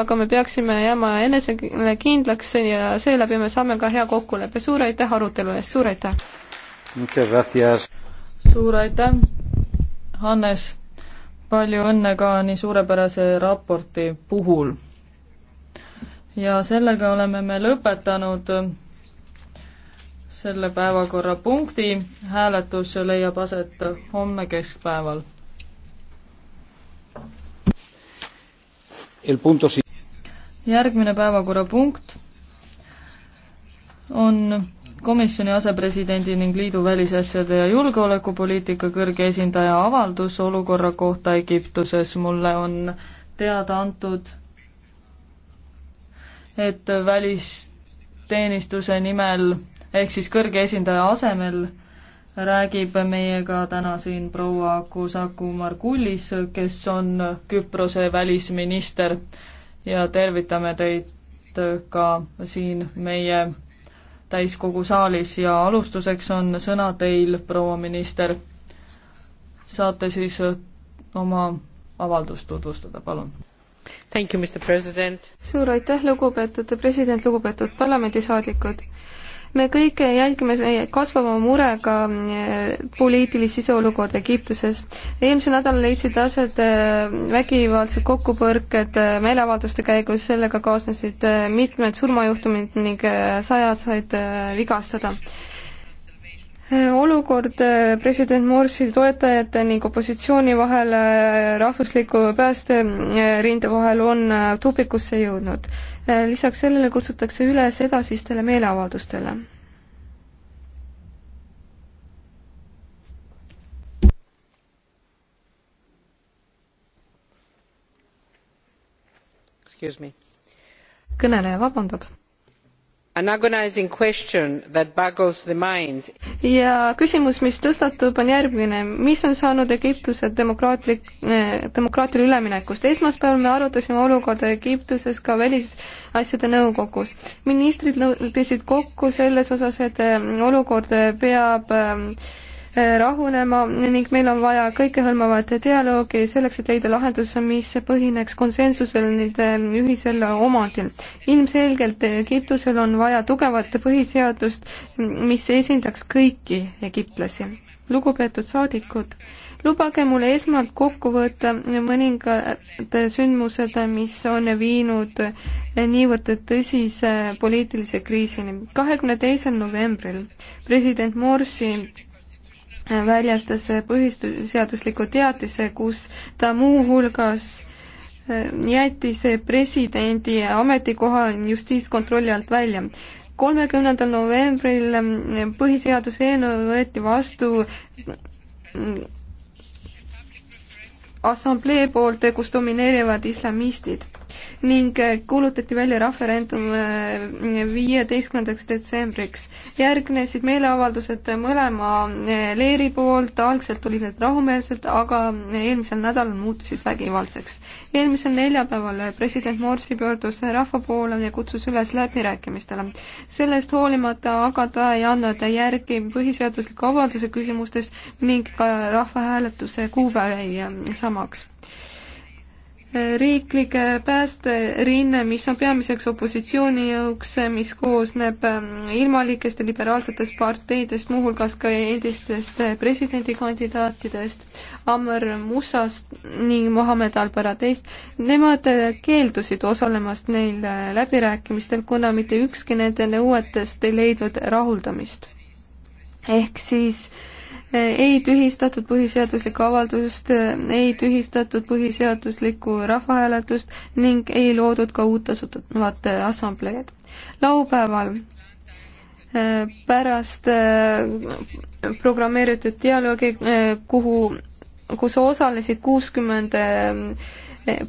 aga me peaksime jääma enesele kindlaks ja seeläbi me saame ka hea kokkuleppe. suur aitäh arutelu eest, suur aitäh! suur aitäh, Hannes! palju õnne ka nii suurepärase raporti puhul! ja sellega oleme me lõpetanud selle päevakorrapunkti, hääletus leiab aset homme keskpäeval järgmine päevakorrapunkt on komisjoni asepresidendi ning liidu välisasjade ja julgeolekupoliitika kõrge esindaja avaldus olukorra kohta Egiptuses. mulle on teada antud, et välisteenistuse nimel ehk siis kõrge esindaja asemel räägib meiega täna siin proua Kusaku Margulis, kes on Küprose välisminister ja tervitame teid ka siin meie täiskogu saalis ja alustuseks on sõna teil, proua minister. saate siis äh, oma avaldust tutvustada, palun. Thank you, Mr President. suur aitäh, lugupeetud president, lugupeetud parlamendisaadikud me kõik jälgime kasvava murega eh, poliitilist siseolukorda Egiptuses. eelmisel nädalal leidsid aset eh, vägivaldsed kokkupõrked eh, meeleavalduste käigus, sellega kaasnesid mitmed surmajuhtumid ning sajad said vigastada olukord äh, president Morsi toetajate ning opositsiooni vahel, äh, rahvusliku päästerinde äh, vahel on tupikusse jõudnud. lisaks sellele kutsutakse üles edasistele meeleavaldustele. kõneleja vabandab An agonizing question that boggles the mind. ja küsimus, mis tõstatub, on järgmine. mis on saanud Egiptuse demokraatlik eh,, demokraatiale üleminekust? esmaspäeval me arutasime olukorda Egiptuses ka Välisasjade Nõukogus. ministrid leppisid kokku selles osas, et eh, olukord peab eh, rahunema ning meil on vaja kõikehõlmavat dialoogi selleks, et leida lahendus, mis põhineks konsensusel nende äh, ühisel omandil. ilmselgelt Egiptusel on vaja tugevat põhiseadust, mis esindaks kõiki egiptlasi. lugupeetud saadikud, lubage mulle esmalt kokku võtta mõningad sündmused, mis on viinud niivõrd tõsise poliitilise kriisini. kahekümne teisel novembril president Morsi väljastas põhiseadusliku teatise, kus ta muuhulgas äh, jättis presidendi ametikoha justiitskontrolli alt välja. kolmekümnendal novembril ähm, põhiseaduse eelnõu võeti vastu äh, assamblee poolt, kus domineerivad islamistid ning kuulutati välja referendum äh, viieteistkümnendaks detsembriks. järgnesid meeleavaldused mõlema äh, leeri poolt, algselt olid need rahumeelsed, aga eelmisel nädalal muutusid vägivaldseks. eelmisel neljapäeval president Morsi pöördus rahva poole ja kutsus üles läbirääkimistele. sellest hoolimata aga ta ei andnud järgi põhiseadusliku avalduse küsimustes ning ka rahvahääletuse kuupäev jäi samaks riiklike päästerinne, mis on peamiseks opositsioonijõuks, mis koosneb ähm, ilmalikest ja liberaalsetest parteidest, muuhulgas ka endistest presidendikandidaatidest, Amr Musast ning Mohammed Al-Baradeist. Nemad keeldusid osalemast neil äh, läbirääkimistel, kuna mitte ükski nende nõuetest ei leidnud rahuldamist. ehk siis äh, ei tühistatud põhiseaduslikku avaldust, ei tühistatud põhiseaduslikku rahvahääletust ning ei loodud ka uut asutavat assambleed. laupäeval äh, pärast äh, programmeeritud dialoogi, äh, kuhu, kus osalesid kuuskümmend 60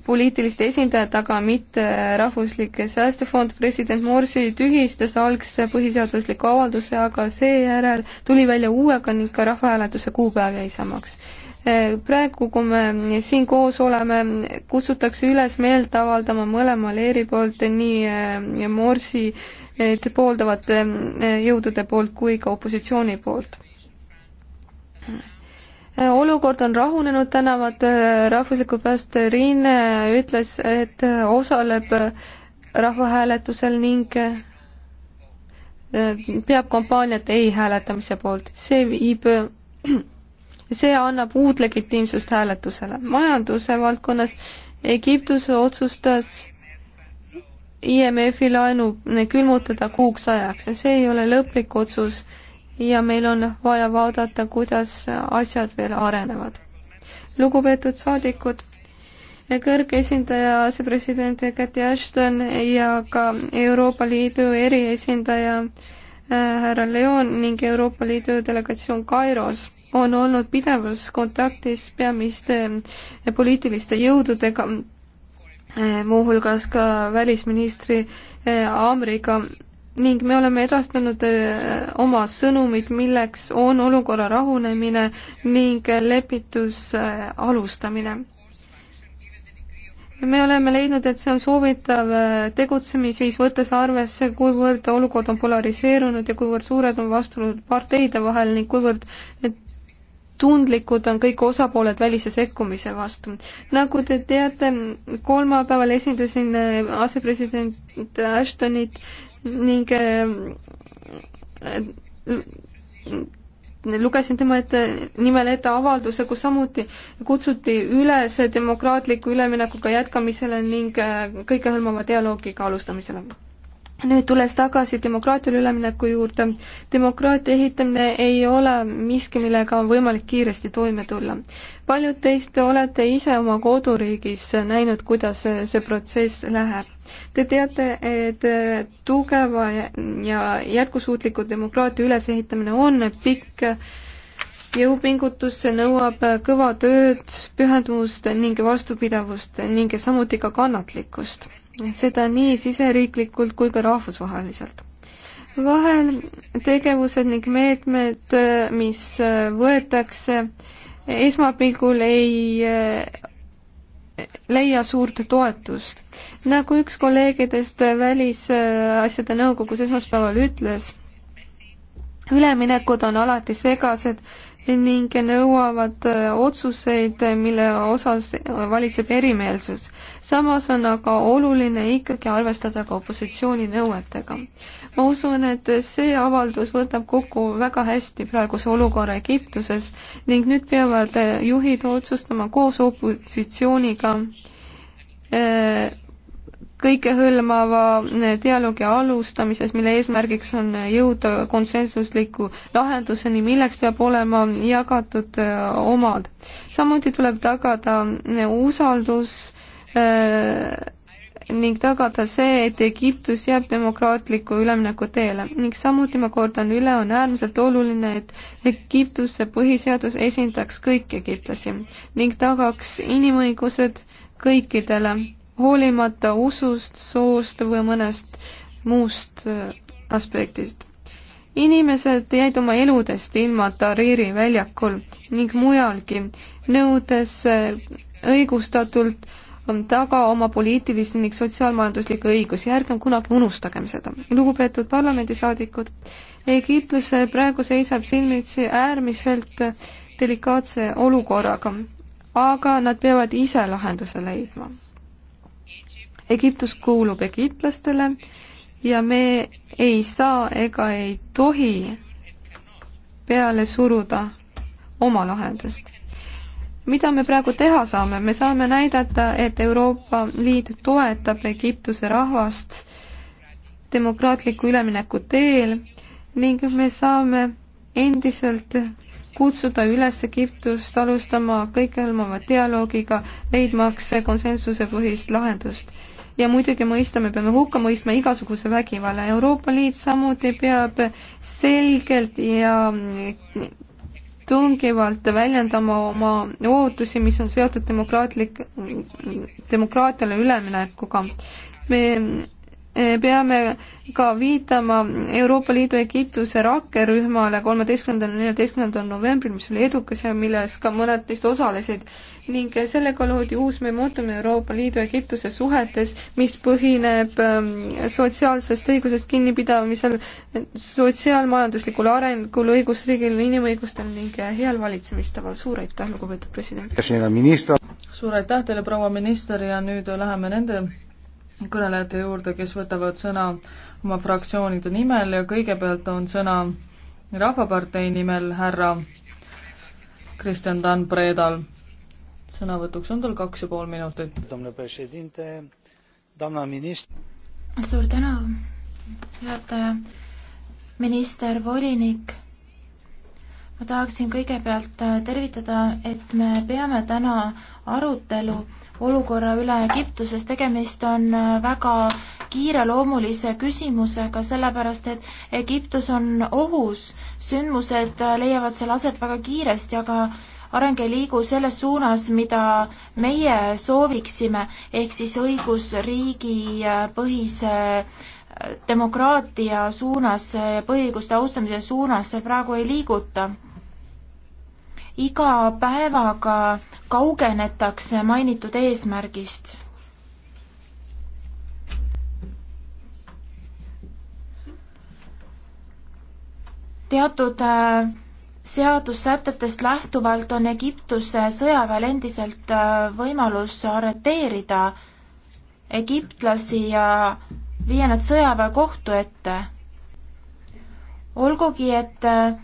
poliitiliste esindajate, aga mitte rahvuslik säästefond. president Morsi tühistas algse põhiseadusliku avalduse, aga seejärel tuli välja uuega ning ka rahvahääletuse kuupäev jäi samaks. praegu, kui me siin koos oleme, kutsutakse üles meelt avaldama mõlema leeri poolt, nii Morsi pooldavate jõudude poolt kui ka opositsiooni poolt olukord on rahunenud, tänavad äh, rahvusliku päästeriine ütles, et äh, osaleb äh, rahvahääletusel ning peab kampaaniat ei hääletamise poolt. see viib, see annab uut legitiimsust hääletusele. majanduse valdkonnas Egiptus otsustas IMF-i laenu külmutada kuuks ajaks ja see ei ole lõplik otsus ja meil on vaja vaadata, kuidas asjad veel arenevad. lugupeetud saadikud, kõrge esindaja, asepresident Cathy Ashton ja ka Euroopa Liidu eriesindaja äh, härra Leon ning Euroopa Liidu delegatsioon Kairos on olnud pidevas kontaktis peamiste äh, poliitiliste jõududega, äh, muuhulgas ka välisministri Aamriga ning me oleme edastanud äh, oma sõnumid, milleks on olukorra rahunemine ning lepituse äh, alustamine. me oleme leidnud, et see on soovitav äh, tegutsemisviis, võttes arvesse, kuivõrd olukord on polariseerunud ja kuivõrd suured on vastuolud parteide vahel ning kuivõrd tundlikud on kõik osapooled välise sekkumise vastu. nagu te teate, kolmapäeval esindasin asepresident Ashtonit ning äh, lugesin tema ette, nimel ette avalduse, kus samuti kutsuti üles demokraatliku üleminekuga jätkamisele ning äh, kõikehõlmava dialoogiga alustamisele nüüd tulles tagasi demokraatiale ülemineku juurde, demokraatia ehitamine ei ole miski, millega on võimalik kiiresti toime tulla. paljud teist olete ise oma koduriigis näinud, kuidas see protsess läheb. Te teate, et tugeva ja jätkusuutliku demokraatia ülesehitamine on pikk jõupingutus, see nõuab kõva tööd, pühendumust ning vastupidavust ning samuti ka kannatlikkust seda nii siseriiklikult kui ka rahvusvaheliselt. vahel tegevused ning meetmed, mis võetakse, esmapilgul ei eh, leia suurt toetust. nagu üks kolleegidest Välisasjade Nõukogus esmaspäeval ütles, üleminekud on alati segased ning nõuavad äh, otsuseid, mille osas valitseb erimeelsus. samas on aga oluline ikkagi arvestada ka opositsiooni nõuetega. ma usun, et see avaldus võtab kokku väga hästi praeguse olukorra Egiptuses ning nüüd peavad juhid otsustama koos opositsiooniga äh, kõikehõlmava eh, dialoogi alustamises, mille eesmärgiks on eh, jõuda konsensusliku lahenduseni, milleks peab olema jagatud eh, omad. samuti tuleb tagada usaldus ning tagada see, et Egiptus jääb demokraatliku ülemineku teele ning samuti ma kordan üle, on äärmiselt oluline, et Egiptuse põhiseadus esindaks kõiki egiptlasi ning tagaks inimõigused kõikidele hoolimata usust, soost või mõnest muust äh, aspektist. inimesed jäid oma eludest ilma Tariri väljakul ning mujalgi, nõudes äh, õigustatult äh, taga oma poliitilisi ning sotsiaalmajanduslikke õigusi, ärgem kunagi unustagem seda. lugupeetud parlamendisaadikud, Egiptus praegu seisab silmitsi äärmiselt delikaatse olukorraga, aga nad peavad ise lahenduse leidma Egiptus kuulub egiptlastele ja me ei saa ega ei tohi peale suruda oma lahendust. mida me praegu teha saame, me saame näidata, et Euroopa Liit toetab Egiptuse rahvast demokraatliku ülemineku teel ning me saame endiselt kutsuda üles Egiptust alustama kõikehõlmava dialoogiga, leidmaks konsensuse põhist lahendust ja muidugi mõistame, peame hukka mõistma igasuguse vägivalla. Euroopa Liit samuti peab selgelt ja tungivalt väljendama oma ootusi, mis on seotud demokraatlik, demokraatiale üleminekuga. me peame ka viitama Euroopa Liidu Egiptuse rakkerühmale kolmeteistkümnendal ja neljateistkümnendal novembril, mis oli edukas ja milles ka mõned teist osalesid ning sellega loodi uus momentum Euroopa Liidu Egiptuse suhetes, mis põhineb ähm, sotsiaalsest õigusest kinnipidamisel, sotsiaalmajanduslikul arengul, õigusriigil, inimõigustel ning heal valitsemistaval. suur aitäh, lugupeetud president! suur aitäh teile, proua minister, ja nüüd läheme nende kõnelejate juurde, kes võtavad sõna oma fraktsioonide nimel ja kõigepealt on sõna Rahvapartei nimel härra Kristjan Dan Predal. sõnavõtuks on tal kaks ja pool minutit. suur tänu, juhataja, minister, volinik ma tahaksin kõigepealt tervitada, et me peame täna arutelu olukorra üle Egiptuses. tegemist on äh, väga kiireloomulise küsimusega, sellepärast et Egiptus on ohus. sündmused äh, leiavad seal aset väga kiiresti, aga areng ei liigu selles suunas, mida meie sooviksime, ehk siis õigusriigi äh, põhise demokraatia suunas, põhiõiguste austamise suunas praegu ei liiguta iga päevaga kaugenetakse mainitud eesmärgist. teatud äh, seadussätetest lähtuvalt on Egiptuse sõjaväel endiselt äh, võimalus arreteerida egiptlasi ja viia nad sõjaväekohtu ette. olgugi, et äh,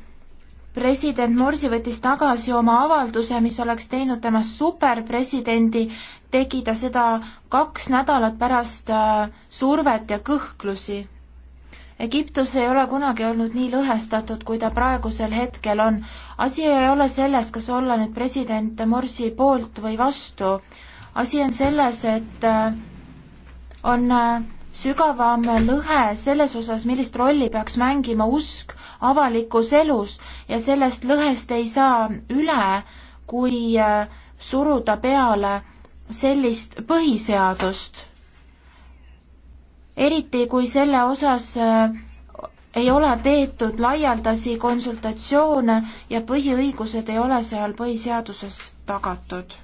president Morsi võttis tagasi oma avalduse, mis oleks teinud temast superpresidendi, tegi ta seda kaks nädalat pärast äh, survet ja kõhklusi. Egiptus ei ole kunagi olnud nii lõhestatud, kui ta praegusel hetkel on. asi ei ole selles, kas olla nüüd president Morsi poolt või vastu. asi on selles, et äh, on äh, sügavam lõhe selles osas, millist rolli peaks mängima usk avalikus elus ja sellest lõhest ei saa üle, kui äh, suruda peale sellist põhiseadust. eriti, kui selle osas äh, ei ole peetud laialdasi konsultatsioone ja põhiõigused ei ole seal põhiseaduses tagatud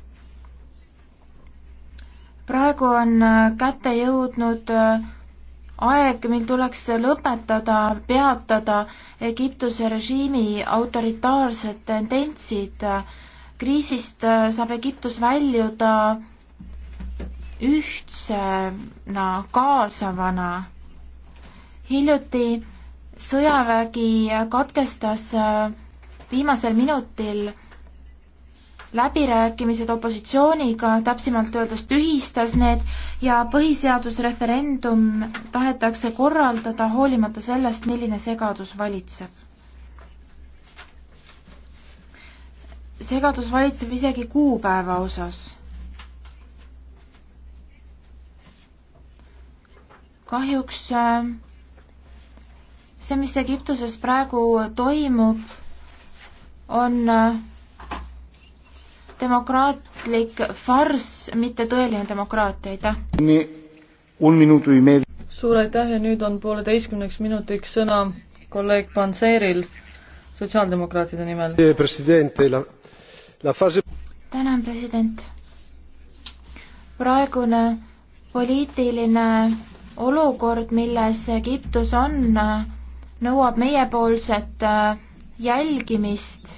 praegu on äh, kätte jõudnud äh, aeg, mil tuleks lõpetada, peatada Egiptuse režiimi autoritaarsed tendentsid. kriisist äh, saab Egiptus väljuda ühtsena, kaasavana. hiljuti sõjavägi katkestas viimasel minutil läbirääkimised opositsiooniga, täpsemalt öeldes tühistas need ja põhiseadusreferendum tahetakse korraldada hoolimata sellest, milline segadus valitseb. segadus valitseb isegi kuupäeva osas. kahjuks äh, see, mis Egiptuses praegu toimub, on äh, demokraatlik farss, mitte tõeline demokraatia, aitäh! suur aitäh ja nüüd on pooleteistkümneks minutiks sõna kolleeg Panseeril sotsiaaldemokraatide nimel. tänan, president. praegune poliitiline olukord, milles Egiptus on, nõuab meiepoolset äh, jälgimist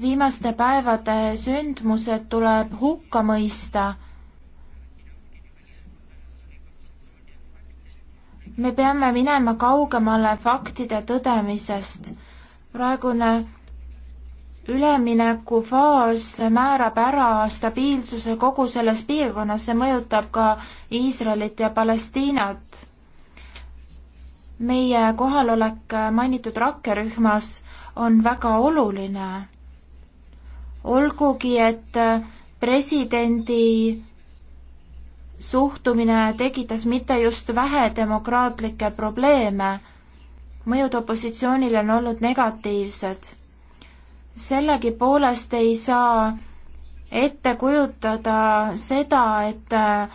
viimaste päevade sündmused tuleb hukka mõista. me peame minema kaugemale faktide tõdemisest. praegune üleminekufaas määrab ära stabiilsuse kogu selles piirkonnas, see mõjutab ka Iisraelit ja Palestiinat. meie kohalolek mainitud rakkerühmas on väga oluline olgugi, et äh, presidendi suhtumine tekitas mitte just vähe demokraatlikke probleeme, mõjud opositsioonile on olnud negatiivsed. sellegipoolest ei saa ette kujutada seda, et äh,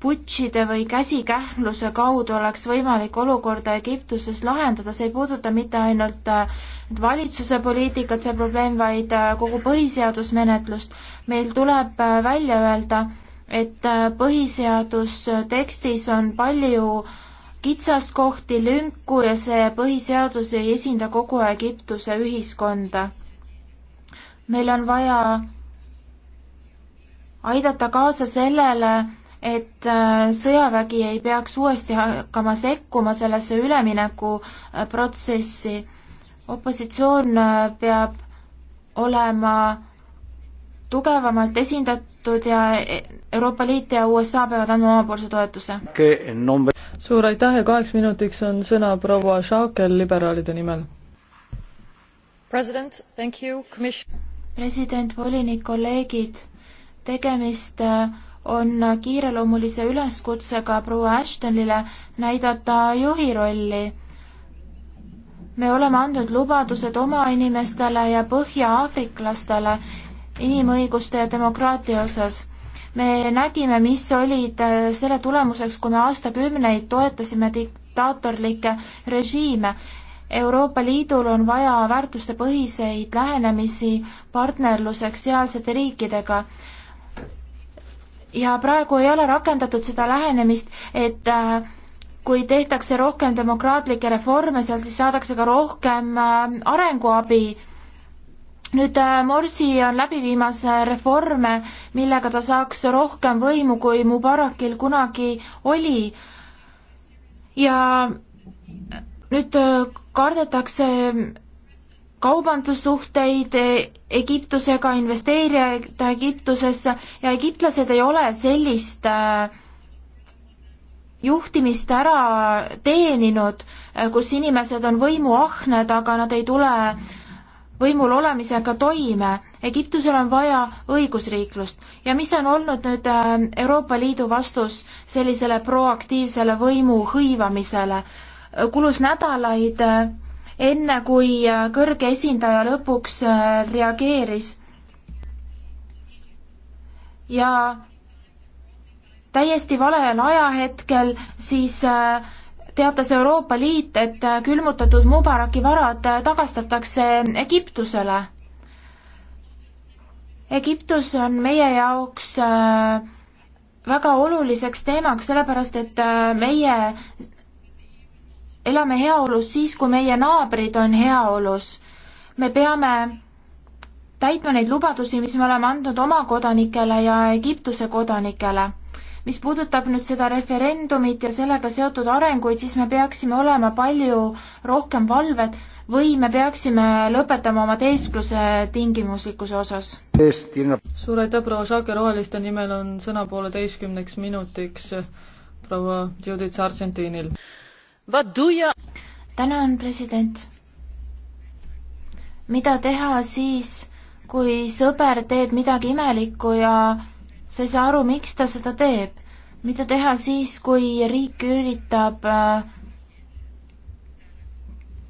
putšide või käsikähmluse kaudu oleks võimalik olukorda Egiptuses lahendada, see ei puuduta mitte ainult äh, et valitsuse poliitikat see probleem, vaid äh, kogu põhiseadusmenetlust. meil tuleb äh, välja öelda, et äh, põhiseadustekstis on palju kitsaskohti, lünku ja see põhiseadus ei esinda kogu Egiptuse ühiskonda. meil on vaja aidata kaasa sellele, et sõjavägi ei peaks uuesti hakkama sekkuma sellesse üleminekuprotsessi opositsioon äh, peab olema tugevamalt esindatud ja e-, Euroopa Liit ja USA peavad andma omapoolse toetuse. suur aitäh ja kaheks minutiks on sõna proua Šakel liberaalide nimel. president, president, volinik, kolleegid, tegemist äh, on kiireloomulise üleskutsega proua Ashtonile näidata juhi rolli me oleme andnud lubadused oma inimestele ja põhja-aafriklastele inimõiguste ja demokraatia osas. me nägime, mis olid äh, selle tulemuseks, kui me aastakümneid toetasime diktaatorlikke režiime. Euroopa Liidul on vaja väärtustepõhiseid lähenemisi partnerluseks sealsete riikidega ja praegu ei ole rakendatud seda lähenemist, et äh, kui tehtakse rohkem demokraatlikke reforme seal, siis saadakse ka rohkem äh, arenguabi. nüüd äh, Morsi on läbi viimas äh, reforme, millega ta saaks rohkem võimu, kui Mubarakil kunagi oli. ja nüüd kardetakse kaubandussuhteid e, Egiptusega, investeerida Egiptusesse ja egiptlased ei ole sellist äh, juhtimist ära teeninud, eh, kus inimesed on võimuahned, aga nad ei tule võimul olemisega toime. Egiptusel on vaja õigusriiklust ja mis on olnud nüüd eh, Euroopa Liidu vastus sellisele proaktiivsele võimu hõivamisele? Eh, kulus nädalaid enne, kui kõrge esindaja lõpuks reageeris ja täiesti valel ajahetkel siis äh, teatas Euroopa Liit, et äh, külmutatud Mubaraki varad äh, tagastatakse Egiptusele. Egiptus on meie jaoks väga oluliseks teemaks, sellepärast et meie elame heaolus siis, kui meie naabrid on heaolus. me peame täitma neid lubadusi, mis me oleme andnud oma kodanikele ja Egiptuse kodanikele mis puudutab nüüd seda referendumit ja sellega seotud arenguid, siis me peaksime olema palju rohkem valved või me peaksime lõpetama oma teeskluse tingimuslikkuse osas? suur aitäh, proua Šake, Roheliste nimel on sõna pooleteistkümneks minutiks proua Judith Sargentinil. tänan, president. mida teha siis, kui sõber teeb midagi imelikku ja sa ei saa aru, miks ta seda teeb. mida teha siis, kui riik üritab äh,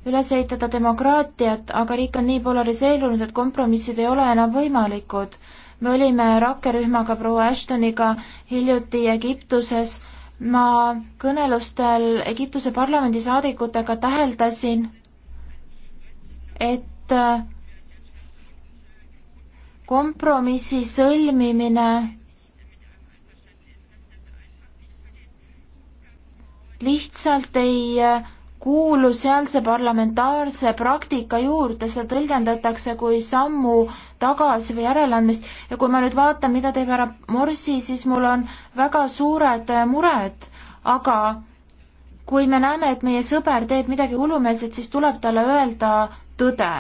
üles ehitada demokraatiat, aga riik on nii polariseerunud, et kompromissid ei ole enam võimalikud. me olime rakkerühmaga proua Ashtoniga hiljuti Egiptuses. ma kõnelustel Egiptuse parlamendi saadikutega täheldasin, et äh, kompromissi sõlmimine lihtsalt ei äh, kuulu sealse parlamentaarse praktika juurde, seda tõlgendatakse kui sammu tagasi või järeleandmist ja kui ma nüüd vaatan, mida teeb härra Morsi, siis mul on väga suured äh, mured, aga kui me näeme, et meie sõber teeb midagi hullumeelset, siis tuleb talle öelda tõde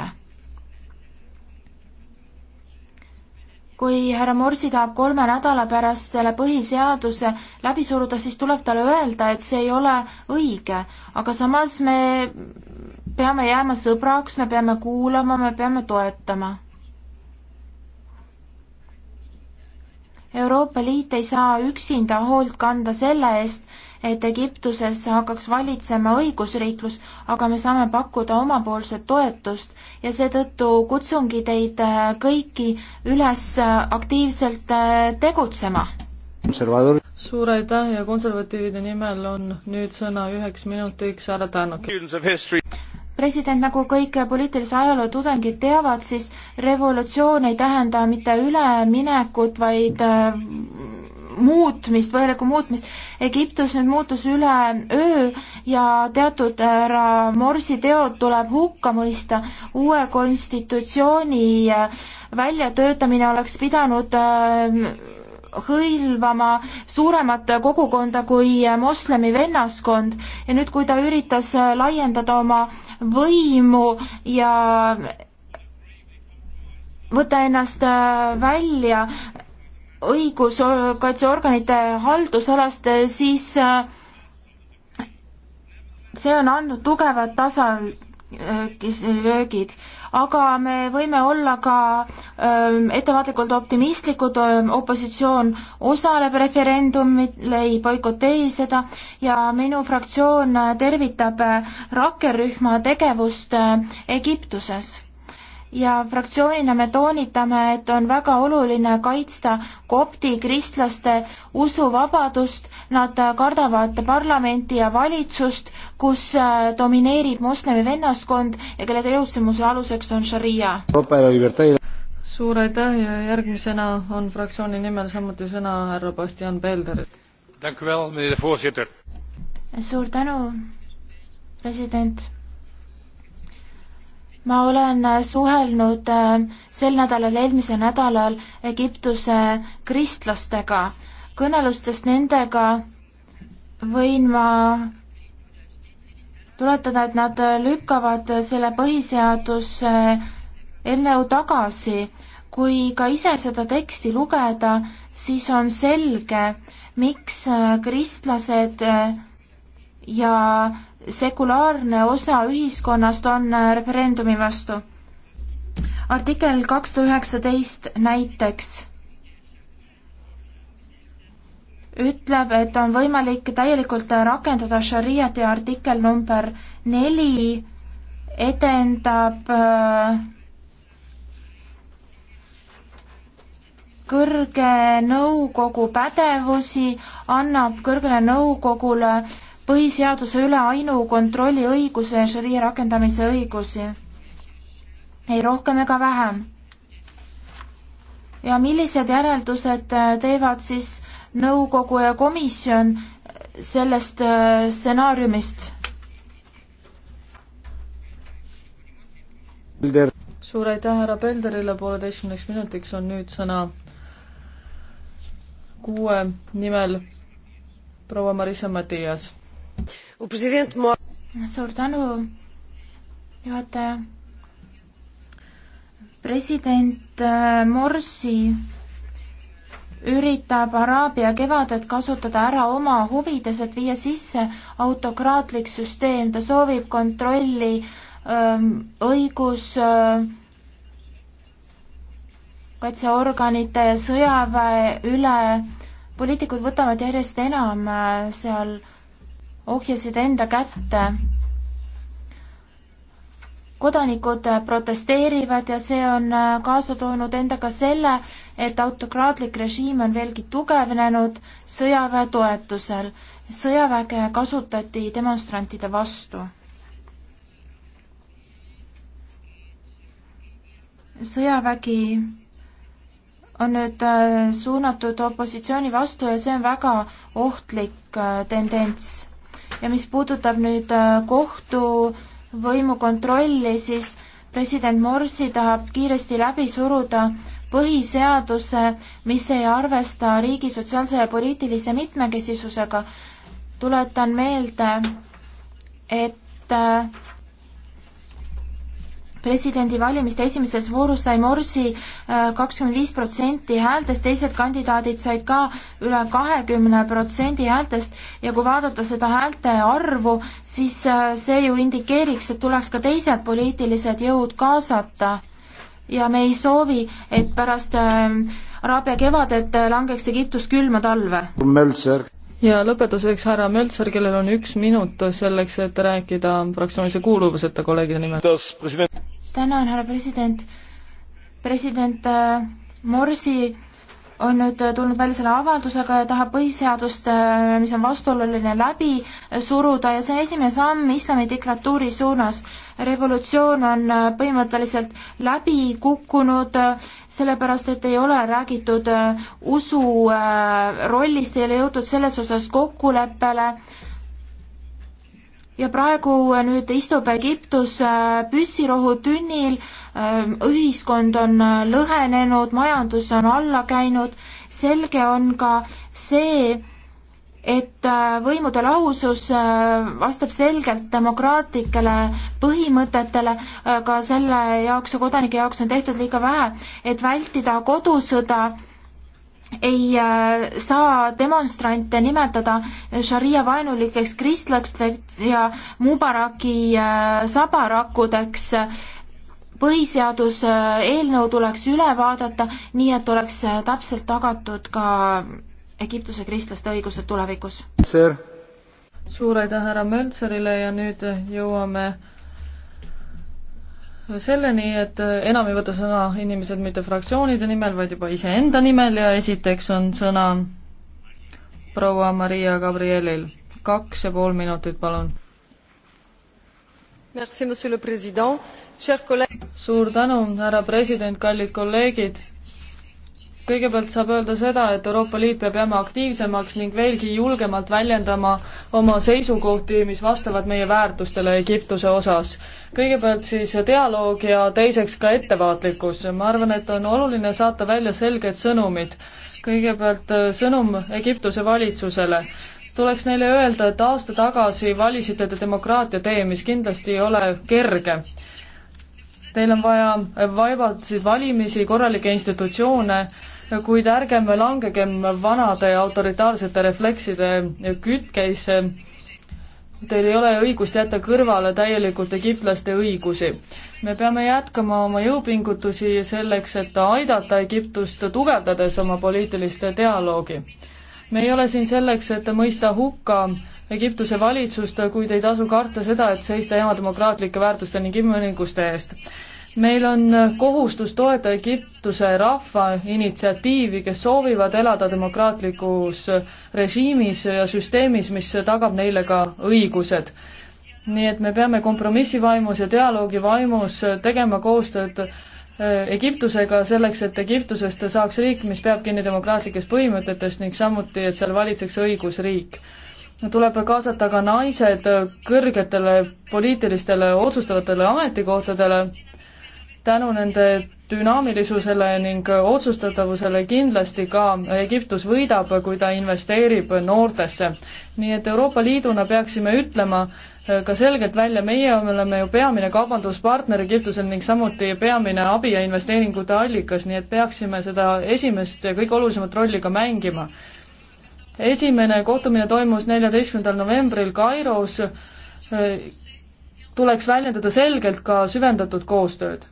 kui härra Morsi tahab kolme nädala pärast selle põhiseaduse läbi suruda, siis tuleb talle öelda, et see ei ole õige. aga samas me peame jääma sõbraks, me peame kuulama, me peame toetama. Euroopa Liit ei saa üksinda hoolt kanda selle eest, et Egiptuses hakkaks valitsema õigusriiklus, aga me saame pakkuda omapoolset toetust ja seetõttu kutsungi teid äh, kõiki üles äh, aktiivselt äh, tegutsema. suur aitäh ja konservatiivide nimel on nüüd sõna üheks minutiks härra Tänak. president, nagu kõik poliitilise ajaloo tudengid teavad, siis revolutsioon ei tähenda mitte üleminekut, vaid muutmist, vajalikku muutmist. Egiptus nüüd muutus üleöö ja teatud härra Morsi teod tuleb hukka mõista. uue konstitutsiooni äh, väljatöötamine oleks pidanud äh, hõlvama suuremat kogukonda kui äh, moslemi vennaskond ja nüüd, kui ta üritas laiendada oma võimu ja võtta ennast välja õiguskaitseorganite haldusalast, siis äh, see on andnud tugevad tasalöögid, aga me võime olla ka ähm, ettevaatlikult optimistlikud, ähm, opositsioon osaleb referendumil, ei boikoteeri seda ja minu fraktsioon tervitab äh, rakkerühma tegevust äh, Egiptuses ja fraktsioonina me toonitame, et on väga oluline kaitsta kopti kristlaste usuvabadust. Nad kardavad parlamenti ja valitsust, kus äh, domineerib moslemi vennaskond ja kelle tegevussimuse aluseks on šaria. suur aitäh ja järgmisena on fraktsiooni nimel samuti sõna härra Bastian Pelder. suur tänu, president ma olen äh, suhelnud äh, sel nädalal, eelmisel nädalal Egiptuse kristlastega. kõnelustest nendega võin ma tuletada, et nad äh, lükkavad selle põhiseaduse eelnõu tagasi. kui ka ise seda teksti lugeda, siis on selge, miks kristlased ja sekulaarne osa ühiskonnast on äh, referendumi vastu. artikkel kakssada üheksateist näiteks ütleb, et on võimalik täielikult rakendada šariati artikkel number neli edendab äh, kõrge nõukogu pädevusi, annab kõrgele nõukogule põhiseaduse üle ainukontrolli õiguse ja šaria rakendamise õigusi. ei rohkem ega vähem. ja millised järeldused äh, teevad siis nõukogu ja komisjon äh, sellest äh, stsenaariumist? suur aitäh härra Pelderile, pooleteistkümneks minutiks on nüüd sõna kuue nimel proua Marisa Matias suur tänu, juhataja. president äh, Morsi üritab Araabia kevadet kasutada ära oma huvides, et viia sisse autokraatlik süsteem, ta soovib kontrolli ähm, õigus äh, kaitseorganite ja sõjaväe üle, poliitikud võtavad järjest enam äh, seal äh, ohjasid enda kätte. kodanikud protesteerivad ja see on äh, kaasa toonud endaga selle, et autokraatlik režiim on veelgi tugevnenud sõjaväe toetusel. sõjaväge kasutati demonstrantide vastu. sõjavägi on nüüd äh, suunatud opositsiooni vastu ja see on väga ohtlik äh, tendents ja mis puudutab nüüd äh, kohtu võimu kontrolli, siis president Morsi tahab kiiresti läbi suruda põhiseaduse, mis ei arvesta riigi sotsiaalse ja poliitilise mitmekesisusega. tuletan meelde, et äh, presidendivalimiste esimeses voorus sai Morsi äh, kakskümmend viis protsenti häältest, teised kandidaadid said ka üle kahekümne protsendi häältest ja kui vaadata seda häälte arvu, siis äh, see ju indikeeriks, et tuleks ka teised poliitilised jõud kaasata. ja me ei soovi, et pärast äh, Araabia kevadet langeks Egiptus külma talve. ja lõpetuseks härra Möltser, kellel on üks minut selleks, et rääkida fraktsioonilise kuuluvuseta kolleegide nimel tänan, härra president. president äh, Morsi on nüüd äh, tulnud välja selle avaldusega ja tahab põhiseadust, äh, mis on vastuoluline, läbi suruda ja see on esimene samm islami diktatuuri suunas. revolutsioon on põhimõtteliselt läbi kukkunud, sellepärast et ei ole räägitud usu rollist, ei ole jõutud selles osas kokkuleppele ja praegu äh, nüüd istub Egiptus äh, püssirohutünnil, ähm, ühiskond on äh, lõhenenud, majandus on alla käinud, selge on ka see, et võimude lahusus vastab selgelt demokraatlikele põhimõtetele, aga selle jaoks ja kodanike jaoks on tehtud liiga vähe, et vältida kodusõda ei äh, saa demonstrante nimetada šaria vaenulikeks kristlasteks ja Mubaraki äh, sabarakkudeks. põhiseaduse äh, eelnõu tuleks üle vaadata, nii et oleks täpselt tagatud ka Egiptuse kristlaste õigused tulevikus. suur aitäh härra Möltserile ja nüüd jõuame selleni, et enam ei võta sõna inimesed mitte fraktsioonide nimel, vaid juba iseenda nimel ja esiteks on sõna proua Maria Gabrielil. kaks ja pool minutit, palun. suur tänu, härra president, kallid kolleegid kõigepealt saab öelda seda, et Euroopa Liit peab jääma aktiivsemaks ning veelgi julgemalt väljendama oma seisukohti, mis vastavad meie väärtustele Egiptuse osas. kõigepealt siis dialoog ja teiseks ka ettevaatlikkus. ma arvan, et on oluline saata välja selged sõnumid. kõigepealt äh, sõnum Egiptuse valitsusele tuleks neile öelda, et aasta tagasi valisite te demokraatia tee, mis kindlasti ei ole kerge. Teil on vaja vaevaldasid valimisi, korralikke institutsioone, kuid ärgem langegem vanade autoritaarsete reflekside kütkeisse. Teil ei ole õigust jätta kõrvale täielikult egiptlaste õigusi. me peame jätkama oma jõupingutusi selleks, et aidata Egiptust, tugevdades oma poliitilist dialoogi. me ei ole siin selleks, et mõista hukka Egiptuse valitsust, kuid ei tasu karta seda, et seista ema demokraatlike väärtuste ning inimõiguste eest meil on kohustus toetada Egiptuse rahva initsiatiivi, kes soovivad elada demokraatlikus režiimis ja süsteemis, mis tagab neile ka õigused. nii et me peame kompromissi vaimus ja dialoogi vaimus tegema koostööd eh, Egiptusega selleks, et Egiptusest saaks riik, mis peab kinni demokraatlikest põhimõtetest ning samuti, et seal valitseks õigusriik tuleb kaasata ka naised kõrgetele poliitilistele otsustavatele ametikohtadele tänu nende dünaamilisusele ning otsustatavusele kindlasti ka Egiptus võidab, kui ta investeerib noortesse. nii et Euroopa Liiduna peaksime ütlema äh, ka selgelt välja, meie oleme ju peamine kaubanduspartner Egiptusel ning samuti peamine abi ja investeeringute allikas, nii et peaksime seda esimest ja kõige olulisemat rolli ka mängima. esimene kohtumine toimus neljateistkümnendal novembril Kairos, äh, tuleks väljendada selgelt ka süvendatud koostööd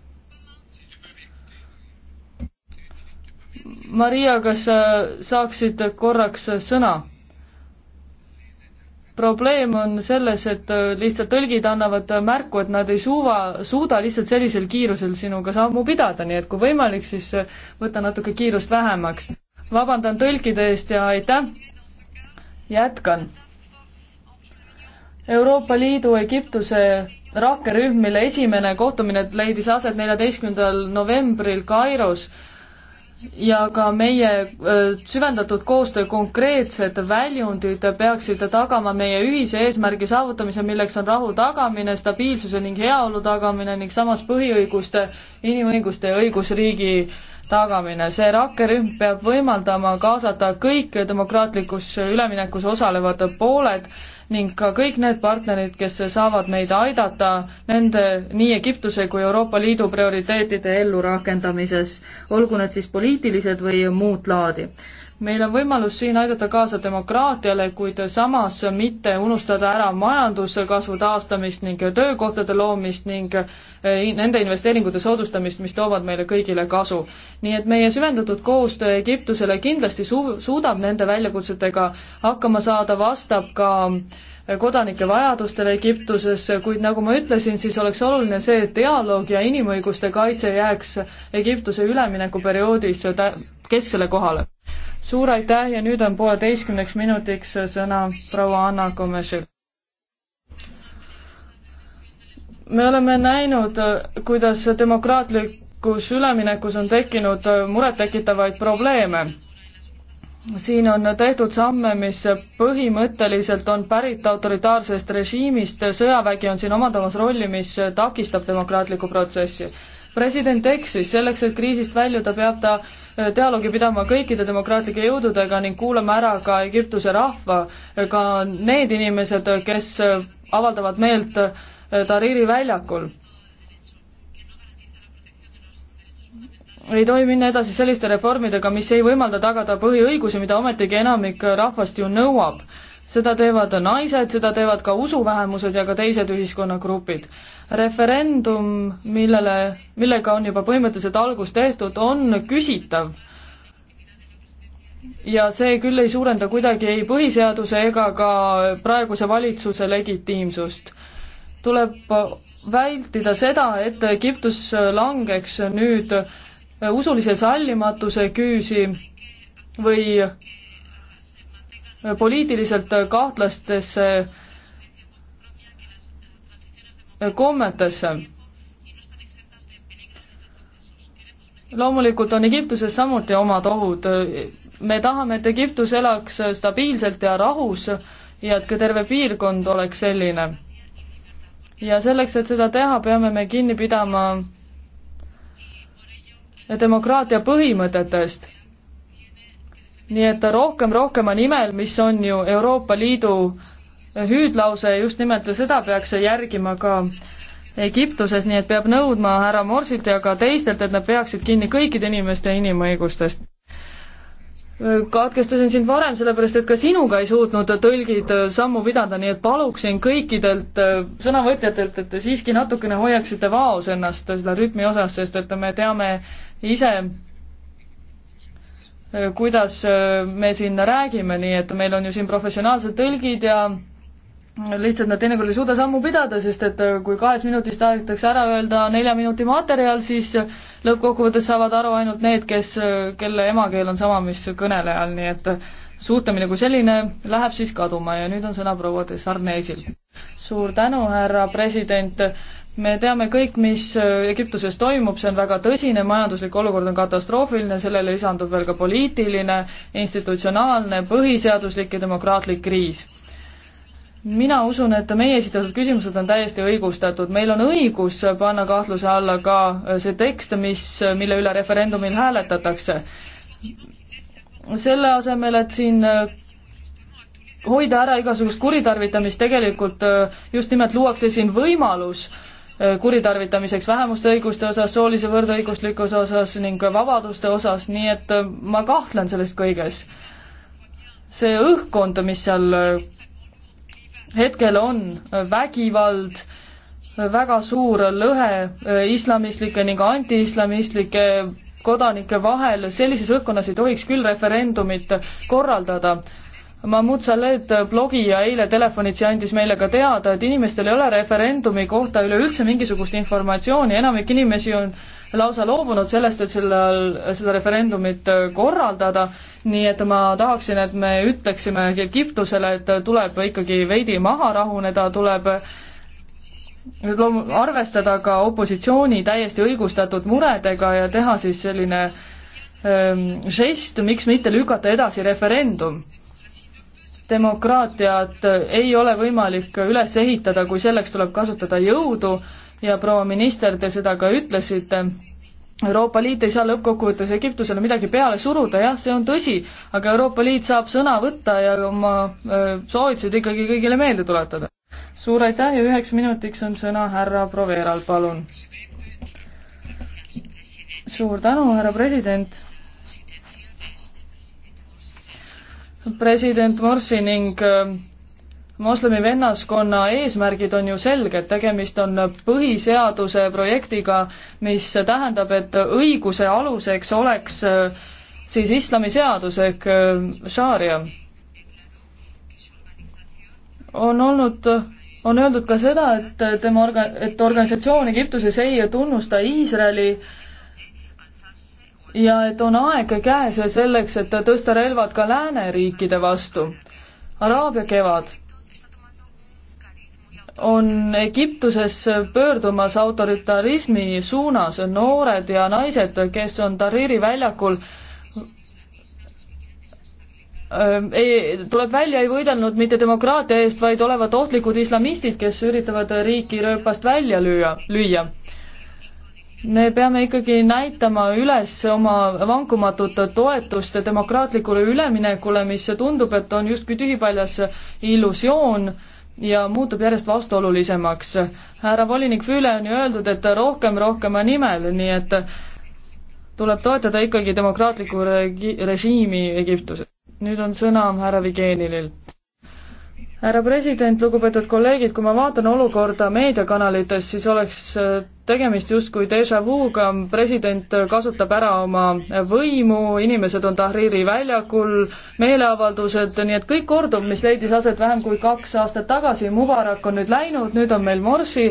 Maria, kas sa äh, saaksid korraks äh, sõna? probleem on selles, et äh, lihtsalt tõlgid annavad märku, et nad ei suva, suuda lihtsalt sellisel kiirusel sinuga sammu pidada, nii et kui võimalik, siis võta natuke kiirust vähemaks. vabandan tõlkide eest ja aitäh. jätkan. Euroopa Liidu Egiptuse rakkerühm, mille esimene kohtumine leidis aset neljateistkümnendal novembril Kairos ja ka meie süvendatud koostöö konkreetsed väljundid peaksid tagama meie ühise eesmärgi saavutamise, milleks on rahu tagamine, stabiilsuse ning heaolu tagamine ning samas põhiõiguste, inimõiguste ja õigusriigi tagamine. see rakkerühm peab võimaldama kaasata kõik demokraatlikus üleminekus osalevad pooled ning ka kõik need partnerid, kes saavad meid aidata nende nii Egiptuse kui Euroopa Liidu prioriteetide ellurakendamises, olgu need siis poliitilised või muud laadi meil on võimalus siin aidata kaasa demokraatiale, kuid samas mitte unustada ära majanduskasvu taastamist ning töökohtade loomist ning eh, nende investeeringute soodustamist, mis toovad meile kõigile kasu. nii et meie süvendatud koostöö Egiptusele kindlasti su-, suudab nende väljakutsetega hakkama saada, vastab ka eh, kodanike vajadustele Egiptuses, kuid nagu ma ütlesin, siis oleks oluline see, et dialoog ja inimõiguste kaitse jääks Egiptuse üleminekuperioodis kesksele kohale suur aitäh ja nüüd on pooleteistkümneks minutiks sõna proua Anna Komešil. me oleme näinud, kuidas demokraatlikus üleminekus on tekkinud murettekitavaid probleeme. siin on tehtud samme, mis põhimõtteliselt on pärit autoritaarsest režiimist, sõjavägi on siin omandamas rolli, mis takistab demokraatlikku protsessi. president eksis, selleks, et kriisist väljuda, peab ta Äh, dialoogi pidama kõikide demokraatlike jõududega ning kuulama ära ka Egiptuse rahva, ka need inimesed, kes äh, avaldavad meelt Tariri äh, väljakul. ei tohi minna edasi selliste reformidega, mis ei võimalda tagada põhiõigusi, mida ometigi enamik rahvast ju nõuab seda teevad naised, seda teevad ka usuvähemused ja ka teised ühiskonnagrupid. referendum, millele, millega on juba põhimõtteliselt algus tehtud, on küsitav. ja see küll ei suurenda kuidagi ei põhiseaduse ega ka praeguse valitsuse legitiimsust. tuleb vältida seda, et Egiptus langeks nüüd usulise sallimatuse küüsi või poliitiliselt kahtlastesse kommetesse. loomulikult on Egiptuses samuti omad ohud. me tahame, et Egiptus elaks stabiilselt ja rahus ja et ka terve piirkond oleks selline. ja selleks, et seda teha, peame me kinni pidama demokraatia põhimõtetest nii et rohkem rohkema nimel, mis on ju Euroopa Liidu hüüdlause, just nimelt ja seda peaks järgima ka Egiptuses, nii et peab nõudma härra Morsilt ja ka teistelt, et nad peaksid kinni kõikide inimeste inimõigustest. katkestasin sind varem, sellepärast et ka sinuga ei suutnud tõlgid sammu pidada, nii et paluksin kõikidelt sõnavõtjatelt, et te siiski natukene hoiaksite vaos ennast selle rütmi osas, sest et me teame ise Äh, kuidas äh, me siin räägime, nii et meil on ju siin professionaalsed tõlgid ja lihtsalt nad teinekord ei suuda sammu pidada, sest et äh, kui kahes minutis tahetakse ära öelda nelja minuti materjal, siis lõppkokkuvõttes saavad aru ainult need, kes, kelle emakeel on sama, mis kõnelejal, nii et suhtlemine kui selline läheb siis kaduma ja nüüd on sõna proua Desarnesil. suur tänu, härra president me teame kõik, mis äh, Egiptuses toimub, see on väga tõsine, majanduslik olukord on katastroofiline, sellele lisandub veel ka poliitiline, institutsionaalne, põhiseaduslik ja demokraatlik kriis. mina usun, et meie esitatud küsimused on täiesti õigustatud, meil on õigus panna kahtluse alla ka äh, see tekst, mis, äh, mille üle referendumil hääletatakse. selle asemel, et siin hoida ära igasugust kuritarvitamist, tegelikult just nimelt luuakse siin võimalus äh, Äh, kuritarvitamiseks vähemuste õiguste osas, soolise võrdõiguslikkuse osas ning vabaduste osas, nii et äh, ma kahtlen selles kõiges. see õhkkond, mis seal äh, hetkel on, vägivald, väga suur lõhe islamistlike ning antiislamistlike kodanike vahel, sellises õhkkonnas ei tohiks küll referendumit korraldada Mahmoud Saled, äh, blogija, eile telefonitsi andis meile ka teada, et inimestel ei ole referendumi kohta üleüldse mingisugust informatsiooni, enamik inimesi on lausa loobunud sellest, et sellel, seda referendumit äh, korraldada, nii et ma tahaksin, et me ütleksime Egiptusele, et äh, tuleb ikkagi veidi maha rahuneda, tuleb arvestada ka opositsiooni täiesti õigustatud muredega ja teha siis selline ähm, žest ähm,, miks mitte lükata edasi referendum demokraatiat ei ole võimalik üles ehitada, kui selleks tuleb kasutada jõudu ja proua minister, te seda ka ütlesite, Euroopa Liit ei saa lõppkokkuvõttes Egiptusele midagi peale suruda, jah, see on tõsi, aga Euroopa Liit saab sõna võtta ja oma soovitused ikkagi kõigile meelde tuletada. suur aitäh ja üheks minutiks on sõna härra Proveral, palun. suur tänu, härra president president Morsi ning äh, moslemi vennaskonna eesmärgid on ju selged, tegemist on põhiseaduse projektiga, mis tähendab, et õiguse aluseks oleks äh, siis islamiseadus ehk äh, šaaria. on olnud, on öeldud ka seda, et tema orga-, et organisatsioon Egiptuses ei tunnusta Iisraeli äh, ja et on aeg käes selleks, et tõsta relvad ka lääneriikide vastu. Araabia kevad on Egiptuses pöördumas autoritarismi suunas noored ja naised, kes on Tahriri väljakul ähm, ei, tuleb välja, ei võidelnud mitte demokraatia eest, vaid olevat ohtlikud islamistid, kes üritavad riiki rööpast välja lüüa, lüüa me peame ikkagi näitama üles oma vankumatut toetust demokraatlikule üleminekule, mis tundub, et on justkui tühipaljas illusioon ja muutub järjest vastuolulisemaks. härra volinik Füüle on ju öeldud, et rohkem rohkema nimel, nii et tuleb toetada ikkagi demokraatlikku regi-, režiimi Egiptuses. nüüd on sõna härra Vigenilil härra president, lugupeetud kolleegid, kui ma vaatan olukorda meediakanalites, siis oleks tegemist justkui déjà vu'ga, president kasutab ära oma võimu, inimesed on Tahriri väljakul, meeleavaldused, nii et kõik kordub, mis leidis aset vähem kui kaks aastat tagasi, Mubarak on nüüd läinud, nüüd on meil Morsi,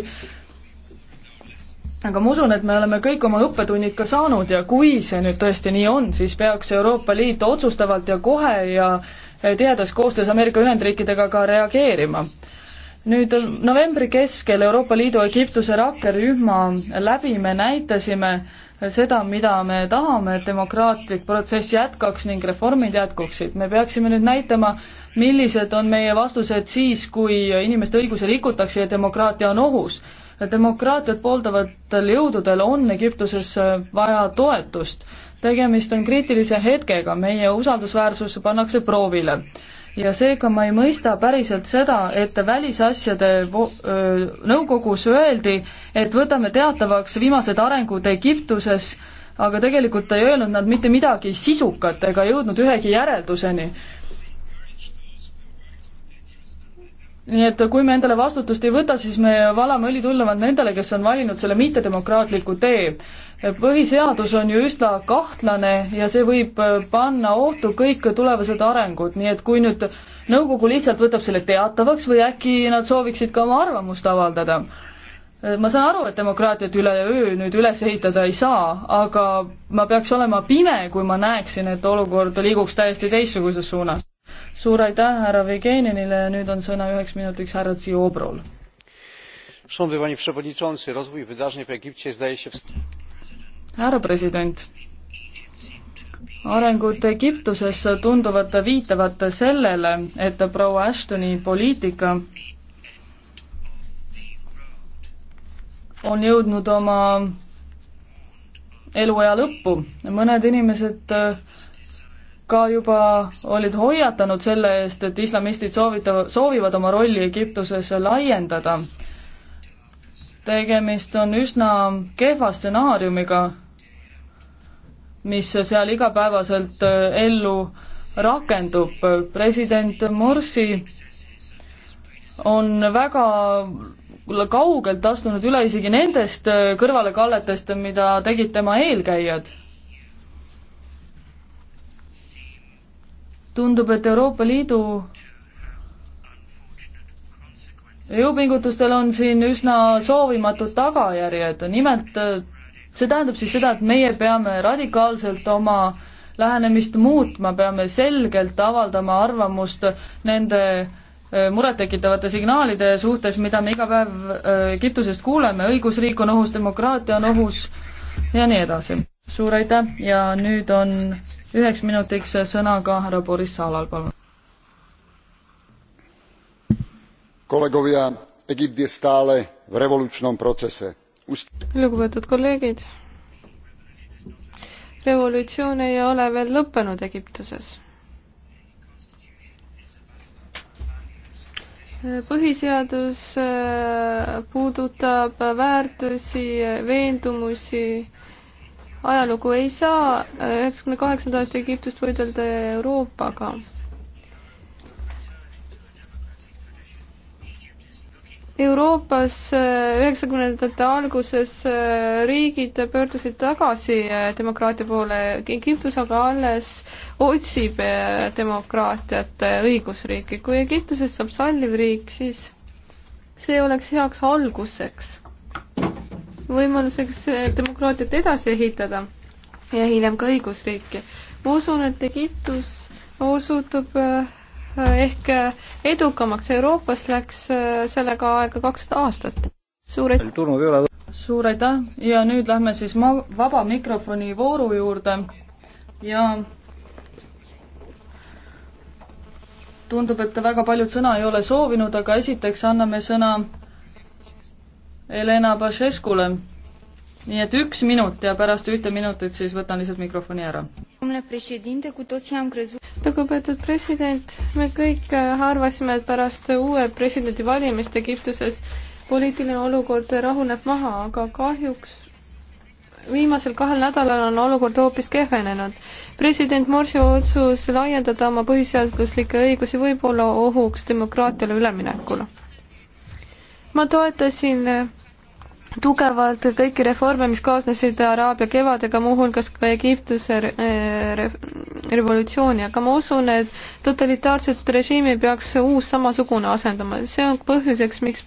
aga ma usun, et me oleme kõik oma õppetunnid ka saanud ja kui see nüüd tõesti nii on, siis peaks Euroopa Liit otsustavalt ja kohe ja tihedas koostöös Ameerika Ühendriikidega ka reageerima nüüd novembri keskel Euroopa Liidu Egiptuse rakkerühma läbi me näitasime seda, mida me tahame, et demokraatlik protsess jätkaks ning reformid jätkuksid. me peaksime nüüd näitama, millised on meie vastused siis, kui inimeste õigusi rikutakse ja demokraatia on ohus demokraatiat pooldavatel jõududel on Egiptuses vaja toetust. tegemist on kriitilise hetkega, meie usaldusväärsus pannakse proovile ja seega ma ei mõista päriselt seda, et välisasjade nõukogus öeldi, et võtame teatavaks viimased arengud Egiptuses, aga tegelikult ei öelnud nad mitte midagi sisukat ega jõudnud ühegi järelduseni. nii et kui me endale vastutust ei võta, siis me valame õli tulla vaid nendele, kes on valinud selle mittedemokraatliku tee põhiseadus on ju üsna kahtlane ja see võib äh, panna ohtu kõik tulevased arengud, nii et kui nüüd nõukogu lihtsalt võtab selle teatavaks või äkki nad sooviksid ka oma arvamust avaldada. Äh, ma saan aru, et demokraatiat üleöö nüüd üles ehitada ei saa, aga ma peaks olema pime, kui ma näeksin, et olukord liiguks täiesti teistsuguses suunas. suur aitäh härra Vigeninile ja nüüd on sõna üheks minutiks härra Ziobrol. Szanowny panie przewodniczący, rozwój wydarzeń w Egipcie zdaje się härra president, arengud Egiptuses tunduvad viitavat sellele, et proua Ashtoni poliitika on jõudnud oma eluea lõppu. mõned inimesed ka juba olid hoiatanud selle eest, et islamistid soovitav, soovivad oma rolli Egiptuses laiendada. tegemist on üsna kehva stsenaariumiga, mis seal igapäevaselt äh, ellu rakendub. president Morsi on väga kaugelt astunud üle isegi nendest äh, kõrvalekalletest, mida tegid tema eelkäijad. tundub, et Euroopa Liidu jõupingutustel on siin üsna soovimatud tagajärjed, nimelt äh, see tähendab siis seda, et meie peame radikaalselt oma lähenemist muutma, peame selgelt avaldama arvamust nende äh, murettekitavate signaalide suhtes, mida me iga päev äh, Egiptusest kuuleme, õigusriik on ohus, demokraatia on ohus ja nii edasi. suur aitäh ja nüüd on üheks minutiks sõna ka härra Boris Saalal, palun. kolegovia, Egipt je stále v revolučnom procese lugupeetud kolleegid, revolutsioon ei ole veel lõppenud Egiptuses. põhiseadus äh, puudutab väärtusi, veendumusi, ajalugu ei saa äh, üheksakümne kaheksanda aasta Egiptust võidelda Euroopaga Euroopas äh, üheksakümnendate alguses äh, riigid pöördusid tagasi äh, demokraatia poole, Egiptus aga alles otsib demokraatiat, õigusriiki. kui Egiptusest saab salliv riik, siis see oleks heaks alguseks, võimaluseks demokraatiat edasi ehitada ja hiljem ka õigusriiki. ma usun, et Egiptus osutub äh, ehk edukamaks Euroopas läks äh, sellega aega kakssada aastat. suur aitäh! suur aitäh ja nüüd lähme siis ma-, vaba mikrofoni vooru juurde ja tundub, et väga paljud sõna ei ole soovinud, aga esiteks anname sõna Elena Bašeskule nii et üks minut ja pärast ühte minutit siis võtan lihtsalt mikrofoni ära. lugupeetud president, me kõik äh, arvasime, et pärast uue presidendi valimist Egiptuses poliitiline olukord rahuneb maha, aga kahjuks viimasel kahel nädalal on olukord hoopis kehvenenud. president Morsi otsus laiendada oma põhiseaduslikke õigusi võib olla ohuks demokraatiale üleminekul. ma toetasin äh, tugevalt kõiki reforme, mis kaasnesid Araabia kevadega, muuhulgas ka Egiptuse eh, re revolutsiooni, aga ma usun, et totalitaarset režiimi peaks uus samasugune asendama, see on põhjuseks, miks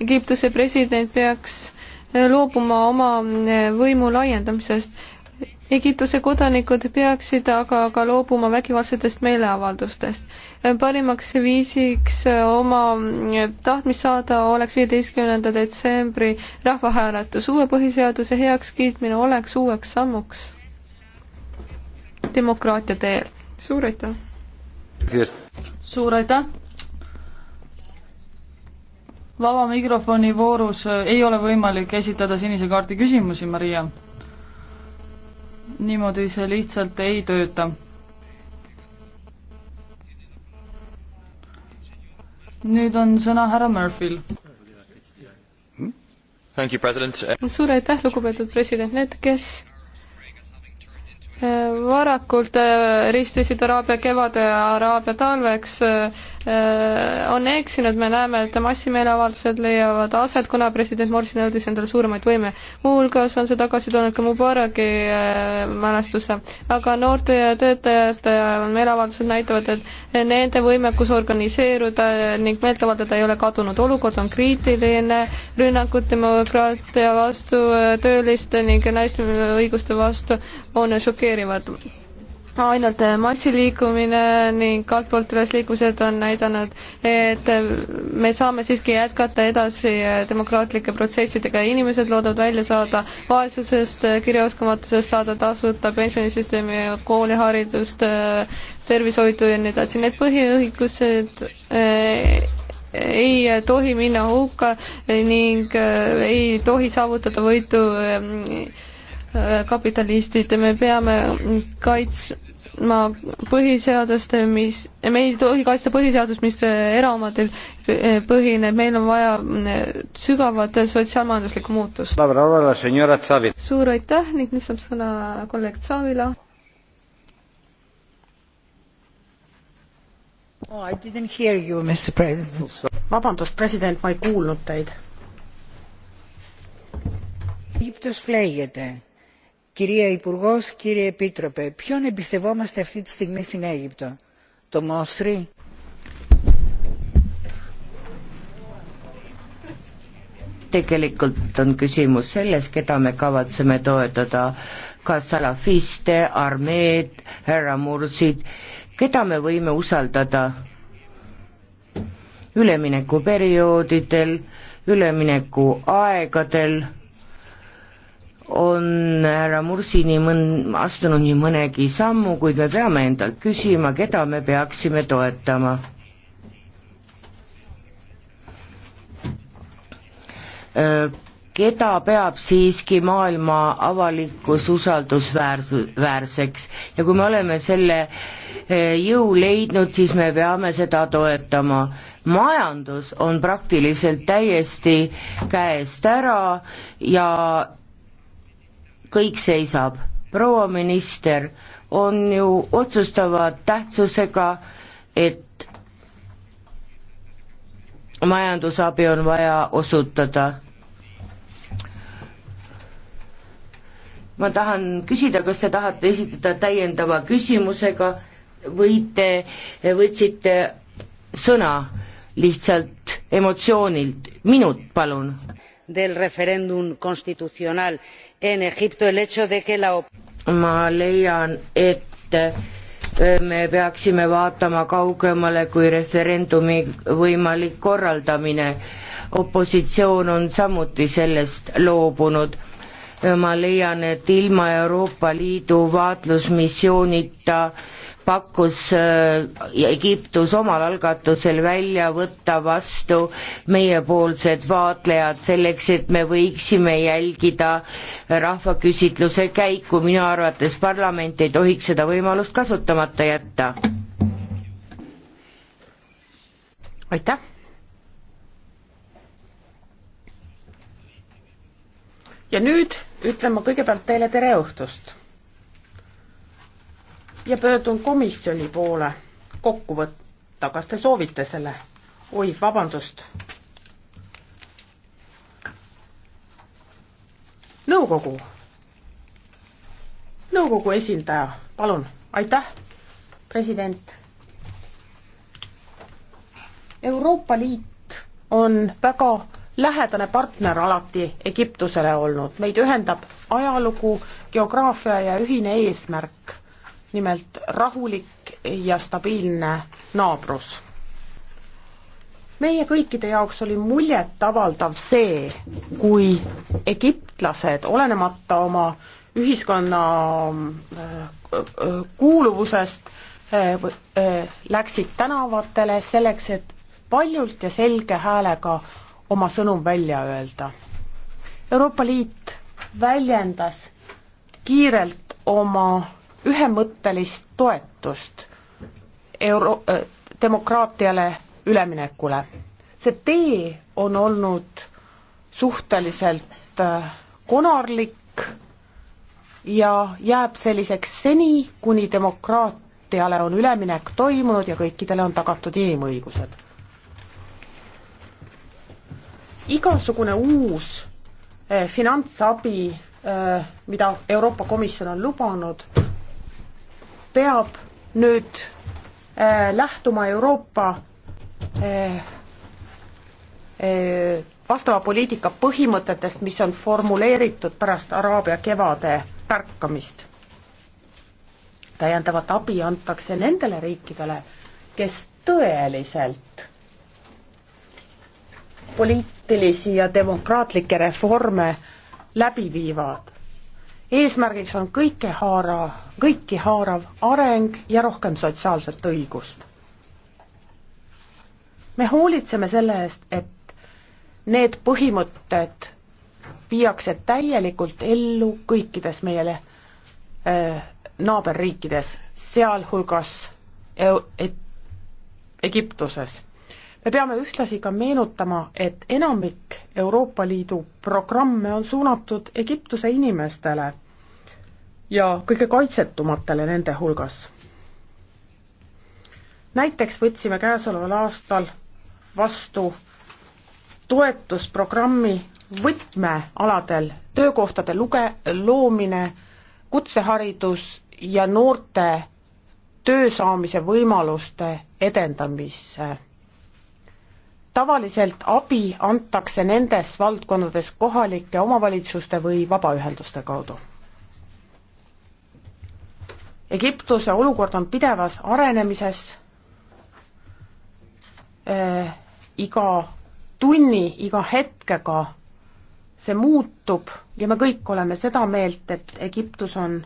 Egiptuse president peaks loobuma oma eh, võimu laiendamisest. Egiptuse kodanikud peaksid aga ka loobuma vägivaldsetest meeleavaldustest parimaks viisiks oma tahtmist saada oleks viieteistkümnenda detsembri rahvahääletus. uue põhiseaduse heakskiitmine oleks uueks sammuks demokraatia teel. suur aitäh! suur aitäh! vaba mikrofoni voorus ei ole võimalik esitada sinise kaardi küsimusi, Maria. niimoodi see lihtsalt ei tööta nüüd on sõna härra Murphy'l hmm?. suur aitäh, lugupeetud president, need, kes varakult äh, ristisid Araabia kevade ja Araabia talveks äh, äh, on eksinud, me näeme, et massimeeleavaldused leiavad aset, kuna president Morsi nõudis endale suuremaid võime. muuhulgas on see tagasi toonud ka Mubaraki mälestusse. aga noorte ja töötajate meeleavaldused näitavad, et nende võimekus organiseeruda ning meelt avaldada ei ole kadunud. olukord on kriitiline, rünnakud demokraatia vastu, tööliste ning naiste õiguste vastu on šokeerivad blokeerivad. ainult massiliikumine ning altpoolt üles liikumised on näidanud, et me saame siiski jätkata edasi demokraatlike protsessidega, inimesed loodavad välja saada vaesusest, kirjaoskamatusest, saada tasuta pensionisüsteemi, kooliharidust, tervishoidu ja nii edasi, need põhiõigused eh, ei tohi minna hukka ning eh, ei tohi saavutada võitu eh, Äh, kapitalistid, me peame kaitsma põhiseadust, mis, me ei tohi kaitsta põhiseadust, mis äh, eraomadel äh, põhineb, meil on vaja sügavat sotsiaalmajanduslikku muutust. suur aitäh ning nüüd saab sõna kolleeg Tsavila. Oh, vabandust, president, ma ei kuulnud teid. Egiptus fleiede κυρία υπουργό κύριε επίτροπε ποιον εμπιστευόμαστε αυτή τη στιγμή στην αίγυπτο το μόστρι; tegelikult on küsimus selles, keda me kavatseme toetada, kas salafiste, armeed, härra Mursid, keda me võime usaldada üleminekuperioodidel, üleminekuaegadel on härra Mursi nii mõn-, astunud nii mõnegi sammu, kuid me peame endalt küsima, keda me peaksime toetama. keda peab siiski maailma avalikkus usaldusväärseks ja kui me oleme selle jõu leidnud, siis me peame seda toetama majandus on praktiliselt täiesti käest ära ja kõik seisab. proua minister, on ju otsustava tähtsusega, et majandusabi on vaja osutada. ma tahan küsida, kas te tahate esitada täiendava küsimusega või te võtsite sõna lihtsalt emotsioonilt, minut palun del referéndum constitucional en egipto el hecho de que la ma leian et eh, me peaksime vaatama kaugemale kui referendumi võimalik korraldamine opositsioon on samuti sellest loobunud ma leian et ilma euroopa liidu vaatlusmissioonita pakkus äh, Egiptus omal algatusel välja võtta vastu meiepoolsed vaatlejad selleks, et me võiksime jälgida rahvaküsitluse käiku, minu arvates parlament ei tohiks seda võimalust kasutamata jätta. aitäh. ja nüüd ütlen ma kõigepealt teile tere õhtust ja pöördun komisjoni poole kokku võtta, kas te soovite selle? oi, vabandust. nõukogu, nõukogu esindaja, palun, aitäh, president. Euroopa Liit on väga lähedane partner alati Egiptusele olnud, meid ühendab ajalugu, geograafia ja ühine eesmärk nimelt rahulik ja stabiilne naabrus. meie kõikide jaoks oli muljetavaldav see, kui egiptlased, olenemata oma ühiskonna äh, äh, kuuluvusest, äh, läksid tänavatele selleks, et paljult ja selge häälega oma sõnum välja öelda. Euroopa Liit väljendas kiirelt oma ühemõttelist toetust euro- äh,, demokraatiale üleminekule. see tee on olnud suhteliselt äh, konarlik ja jääb selliseks seni, kuni demokraatiale on üleminek toimunud ja kõikidele on tagatud inimõigused. igasugune uus äh, finantsabi, äh, mida Euroopa Komisjon on lubanud, peab nüüd äh, lähtuma Euroopa äh, äh, vastava poliitika põhimõtetest, mis on formuleeritud pärast Araabia kevade tärkamist. täiendavat abi antakse nendele riikidele, kes tõeliselt poliitilisi ja demokraatlikke reforme läbi viivad eesmärgiks on kõike haarav, kõiki haarav areng ja rohkem sotsiaalset õigust. me hoolitseme selle eest, et need põhimõtted viiakse täielikult ellu kõikides meile äh, naaberriikides, sealhulgas e e Egiptuses me peame ühtlasi ka meenutama, et enamik Euroopa Liidu programme on suunatud Egiptuse inimestele ja kõige kaitsetumatele nende hulgas. näiteks võtsime käesoleval aastal vastu toetusprogrammi võtmealadel töökohtade luge-, loomine, kutseharidus ja noorte töö saamise võimaluste edendamise tavaliselt abi antakse nendes valdkondades kohalike omavalitsuste või vabaühenduste kaudu. Egiptuse olukord on pidevas arenemises äh, iga tunni, iga hetkega see muutub ja me kõik oleme seda meelt, et Egiptus on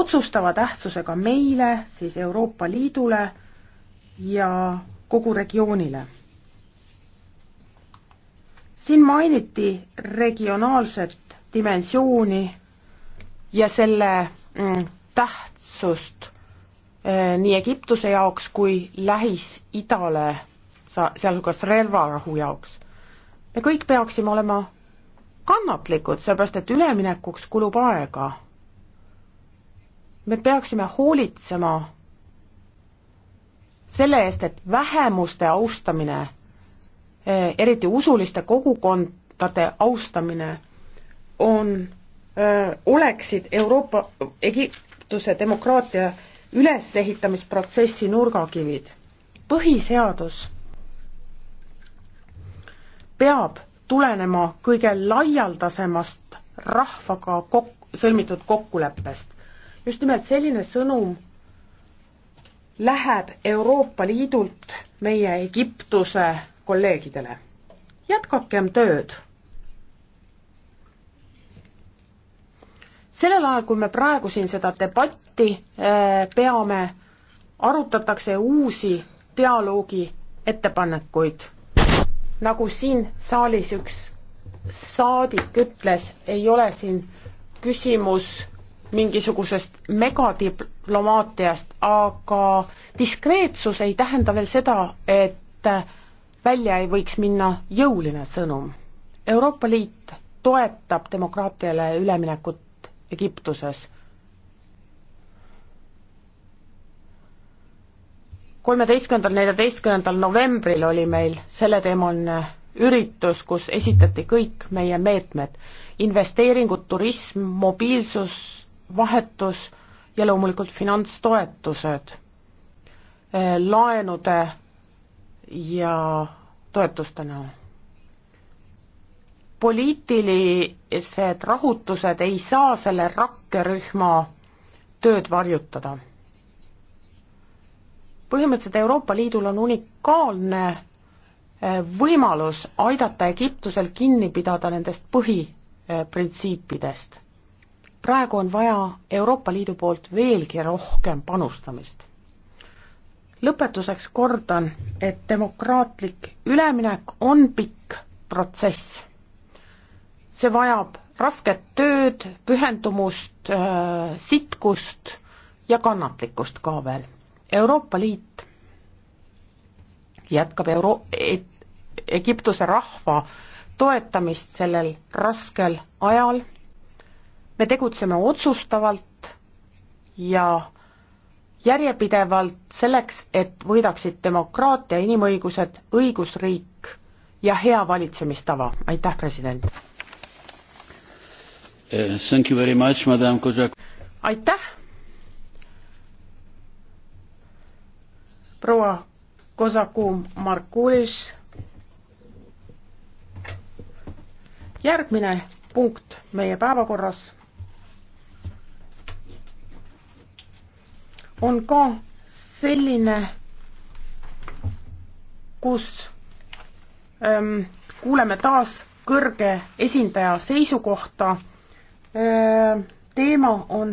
otsustava tähtsusega meile, siis Euroopa Liidule ja kogu regioonile siin mainiti regionaalset dimensiooni ja selle mm, tähtsust eh, nii Egiptuse jaoks kui Lähis-Idale, sealhulgas relvarahu jaoks. me kõik peaksime olema kannatlikud, sellepärast et üleminekuks kulub aega. me peaksime hoolitsema selle eest, et vähemuste austamine Eh, eriti usuliste kogukondade austamine on, eh, oleksid Euroopa, Egiptuse demokraatia ülesehitamisprotsessi nurgakivid. põhiseadus peab tulenema kõige laialdasemast rahvaga kok-, sõlmitud kokkuleppest. just nimelt selline sõnum läheb Euroopa Liidult meie Egiptuse kolleegidele, jätkakem tööd. sellel ajal, kui me praegu siin seda debatti eh, peame, arutatakse uusi dialoogi ettepanekuid. nagu siin saalis üks saadik ütles, ei ole siin küsimus mingisugusest megadiplomaatiast, aga diskreetsus ei tähenda veel seda, et välja ei võiks minna jõuline sõnum. Euroopa Liit toetab demokraatiale üleminekut Egiptuses. kolmeteistkümnendal, neljateistkümnendal novembril oli meil selleteemaline üritus, kus esitati kõik meie meetmed, investeeringud, turism, mobiilsus, vahetus ja loomulikult finantstoetused, laenude ja toetuste näol. poliitilised rahutused ei saa selle rakkerühma tööd varjutada. põhimõtteliselt Euroopa Liidul on unikaalne eh, võimalus aidata Egiptusel kinni pidada nendest põhiprintsiipidest. praegu on vaja Euroopa Liidu poolt veelgi rohkem panustamist lõpetuseks kordan, et demokraatlik üleminek on pikk protsess. see vajab rasket tööd, pühendumust äh,, sitkust ja kannatlikkust ka veel. Euroopa Liit jätkab Euro-, e Egiptuse rahva toetamist sellel raskel ajal, me tegutseme otsustavalt ja järjepidevalt selleks, et võidaksid demokraatia, inimõigused, õigusriik ja hea valitsemistava. aitäh, president! Eh, aitäh! proua Kosaku Markulis. järgmine punkt meie päevakorras on ka selline, kus ähm, kuuleme taas kõrge esindaja seisukohta äh,. teema on